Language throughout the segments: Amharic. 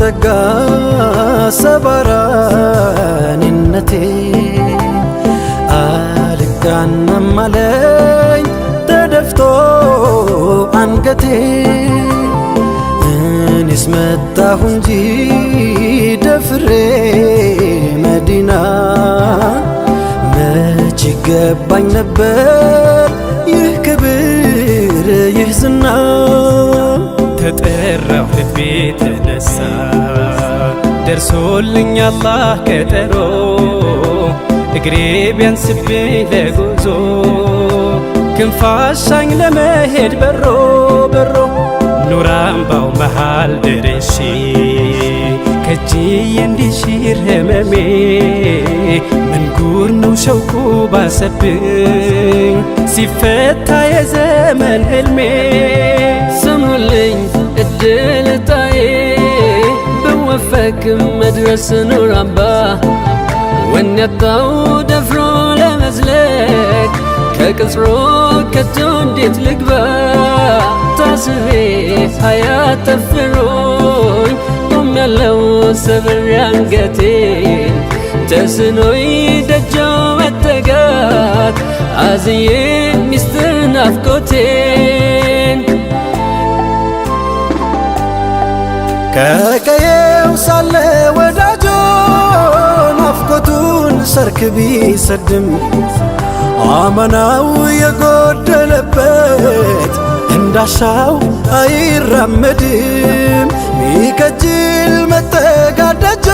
ሲጠጋ ሰባራንነቴ አልጋናም አለኝ ተደፍቶ አንገቴ እኔስ መጣሁ እንጂ ደፍሬ መዲና መች ገባኝ ነበር ተነሳ ደርሶልኝ አላህ ቀጠሮ እግሬ ቢያንስብኝ ለጉዞ ክንፋሻኝ ለመሄድ በሮ በሮ ኑር አምባው መሃል ደርሼ ከእጅዬ እንዲሽር ህመሜ መንጉር ነው ሸውቁ ባሰብኝ ሲፈታ የዘመን ህልሜ ስሙልኝ እድልታዬ አይጠበቅም መድረስ ኑር አባ! ወኔ ያጣው ደፍሮ ለመዝለቅ ከቅጽሮ ከቶ እንዴት ልግባ ታስቤ ሀያት ጠፍሮኝ ቆሜያለሁ ሰብሬ አንገቴን ተስኖይ ደጆ መጠጋት አዝዬ ሚስጥር ናፍቆቴን ከቀየው ሳለ ወዳጆ ናፍቆቱን ሰርክ ቢሰድም አመናው የጎደለበት እንዳሻው አይራመድም። ሚከጅል መጠጋዳጆ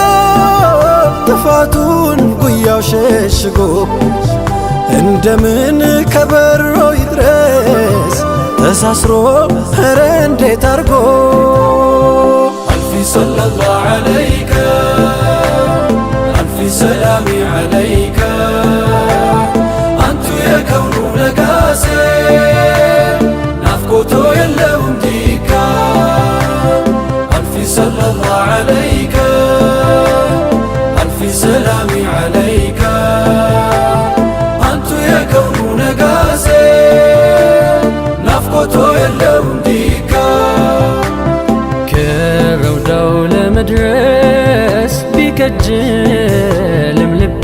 ጥፋቱን ጉያው ሸሽጎ እንደምን ከበሮ ይድረስ ተሳስሮ ኸረ እንዴት አርጎ ሰለላ ዐለይከ አንፊ ሰላሚ ዐለይከ አንቱ የከውኑ ነጋሴ ለመድረስ ቢከጅልም ልቤ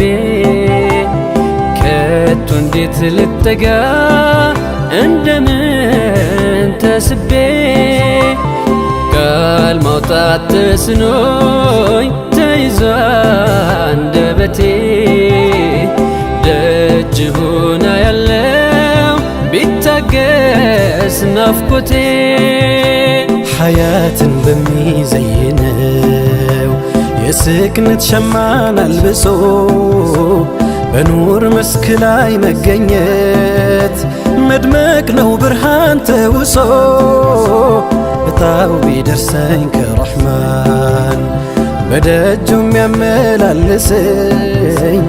ከቶ እንዴት ልጠጋ እንደምን ተስቤ ቃል ማውጣት ተስኖኝ ተይዞ አንደበቴ ደጅ ሆና ያለው ቢታገስ ናፍቆቴ ሐያትን በሚዘይ የስክነት ሸማን አልብሶ በኑር መስክ ላይ መገኘት መድመቅ ነው ብርሃን ተውሶ እጣው ቢደርሰኝ ከረሕማን በደጁም ያመላልሰኝ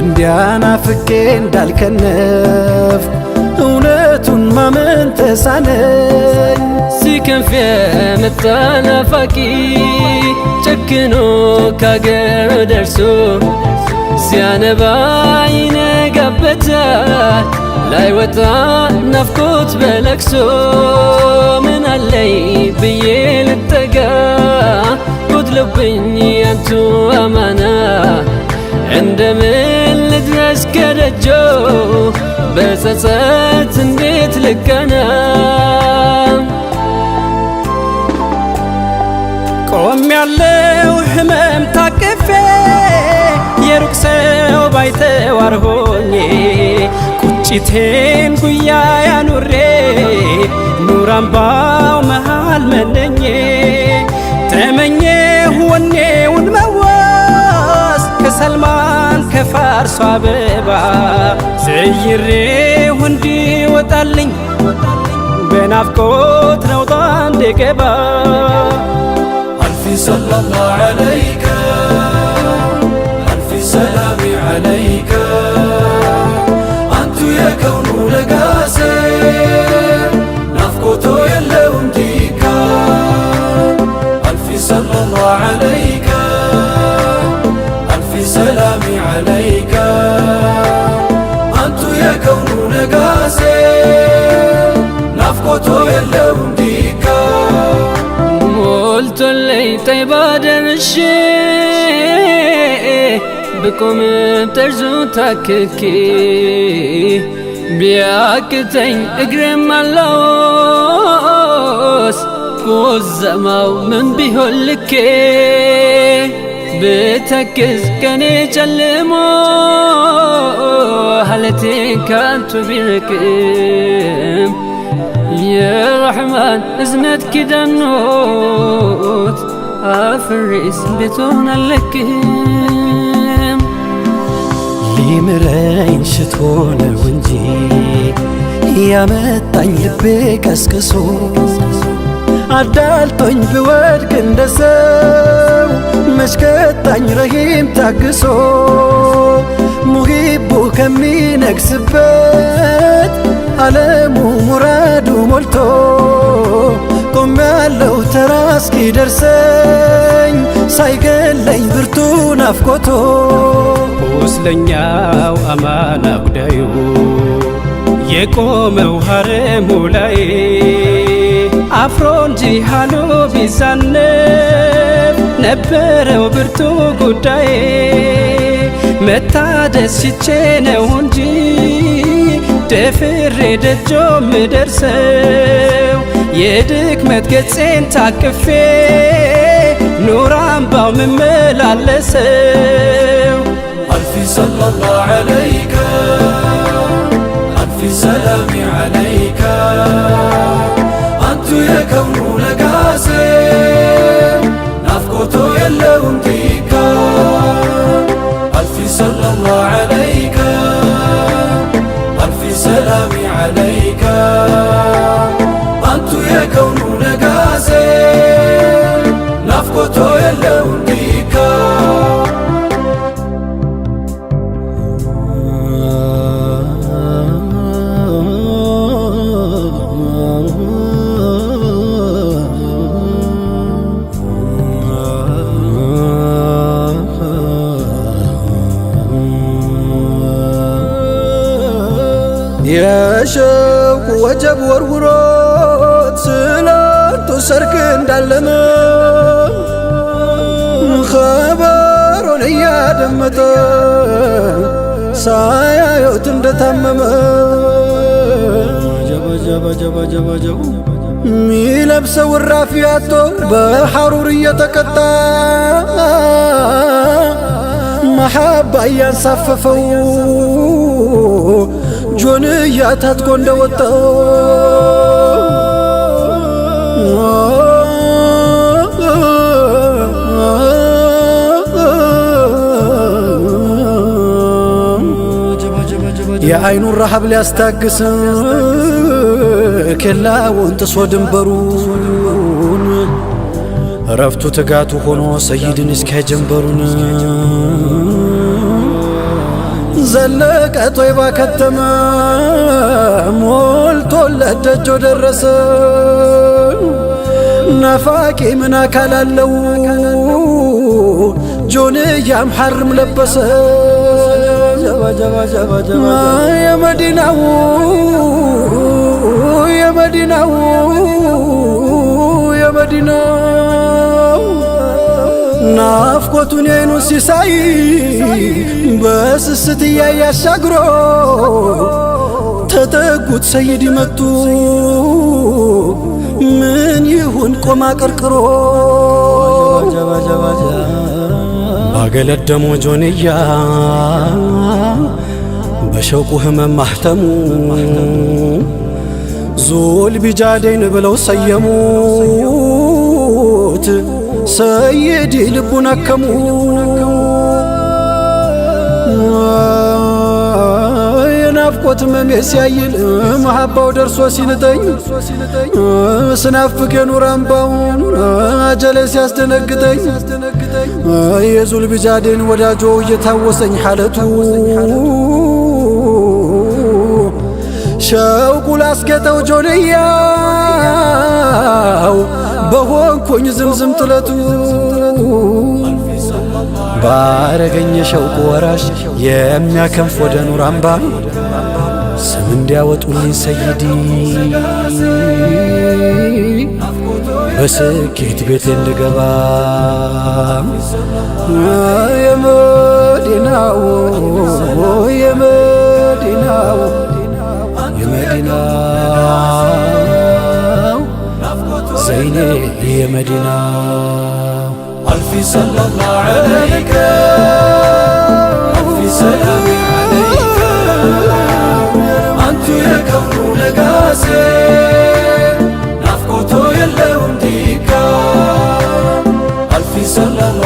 እንዲያና ፍቄ እንዳልከነፍ ውበቱን ማመን ተሳነኝ ሲከንፍ የመጣ ናፋቂ ጨክኖ ካገር ደርሶ ሲያነባ ይነጋበታል ላይ ወጣ ናፍቆት በለቅሶ ምን አለይ ብዬ ልጠጋ ጎድለብኝ ያንቱ አማና እንደምን ልድረስ ከደጆ በጸጸት እንዴት ልቀና ቆም ያለው ህመም ታቅፌ የሩቅ ሰው ባይተዋር ሆኜ ቁጭቴን ጉያ ያኑሬ ኑር መሃል መነኜ ተመኘሁ ወኔ ከፋርሷ አበባ ዘይሬው እንዲወጣልኝ በናፍቆት ነውጣ እንደገባ አልፊ ሰላላ ዐለይከ አልፊ ሰላሚ ዐለይከ አንቱ የከውኑ ለጋ የለውም ዲካ ሞልቶልኝ ጠይባ ደርሼ ብቆም ጠርዙ ታክኬ ቢያክተኝ እግሬም አላወስ ቁዘማው ምን ቢሆን ልኬ ብተክዝ ቀኔ ጨልሞ ሀለቴን ከአንቱ ቢርቅም يا رحمن ازند كده النوت افريس بتون لك لي مرين شتون ونجي يا ما طيب بك اسكسو عدال طين بوار كندسو مش كتان رهيم تاكسو مهيبو كمين اكسبت على مو مراد ሞልቶ ቆም ያለው ተራ እስኪደርሰኝ ሳይገለኝ ብርቱ ናፍቆቶ ቁስለኛው አማና ጉዳዩ የቆመው ሀረሙ ላይ አፍሮ እንጂ ሃሎ ቢዛነብ ነበረው ብርቱ ጉዳዬ መታደስ ሽቼ ነው እንጂ ደፍሬ ደጆ ምደርሰው የድክመት ገፄን ታቅፌ ኑር አምባው ምመላለሰው አልፊ ሰለላሁ ዐለይከ አልፊ ሰላሚ ዐለይከ يا شوق وجب ورورات سلام تسرك እንዳለመ ከበሮን እያደመጠ ሳያዩት እንደታመመ ሚለብሰው እራፊ አቶ በሐሩር እየተቀጣ መሐባ እያንሳፈፈው ጆን እያታትኮ እንደወጣው የአይኑን ረሃብ ሊያስታግስ ኬላውን ጥሶ ድንበሩን እረፍቱ ትጋቱ ሆኖ ሰይድን እስኪ ጀንበሩን ዘለቀ ጦይባ ከተማ ሞልቶለት ደጆ ደረሰ። ናፋቂ ምን አካል አለው ጆንያም ሐርም ለበሰ። የመዲናው የመዲናው የመዲናው ናፍቆቱን የይኑ ሲሳይ በስስት እያየ አሻግሮ ተጠጉት ሰይድ መጡ ምን ይሁን ቆማ ቀርቅሮ ባገለደሞ ጆንያ በሸውቁ ህመም ማህተሙ ዙል ቢጃደይን ብለው ሰየሙት። ሰይዲ ልቡን አከሙ የናፍቆት መሜ ሲያይል መሐባው ደርሶ ሲንጠኝ ስናፍቅ የኑር አምባውን አጀለ ሲያስደነግጠኝ የዙል ቢጃድን ወዳጆ እየታወሰኝ ሐለቱ ሸውቁ ላስጌጠው ጆንያው በሆንኩኝ ዝምዝም ጥለቱ ባረገኝ የሸውቁ ወራሽ የሚያከንፍ ወደ ኑር አምባ ስም እንዲያወጡልኝ ሰይዲ በስኬት ቤት እንድገባ የመዲናው የመዲናው የመዲናው ዘይኔ የመዲናው አልፊ ሰለላ ዐለይከ አልፊ ሰላሚ ዐለይከ አንቱ የከብሩ ነጋሴ salam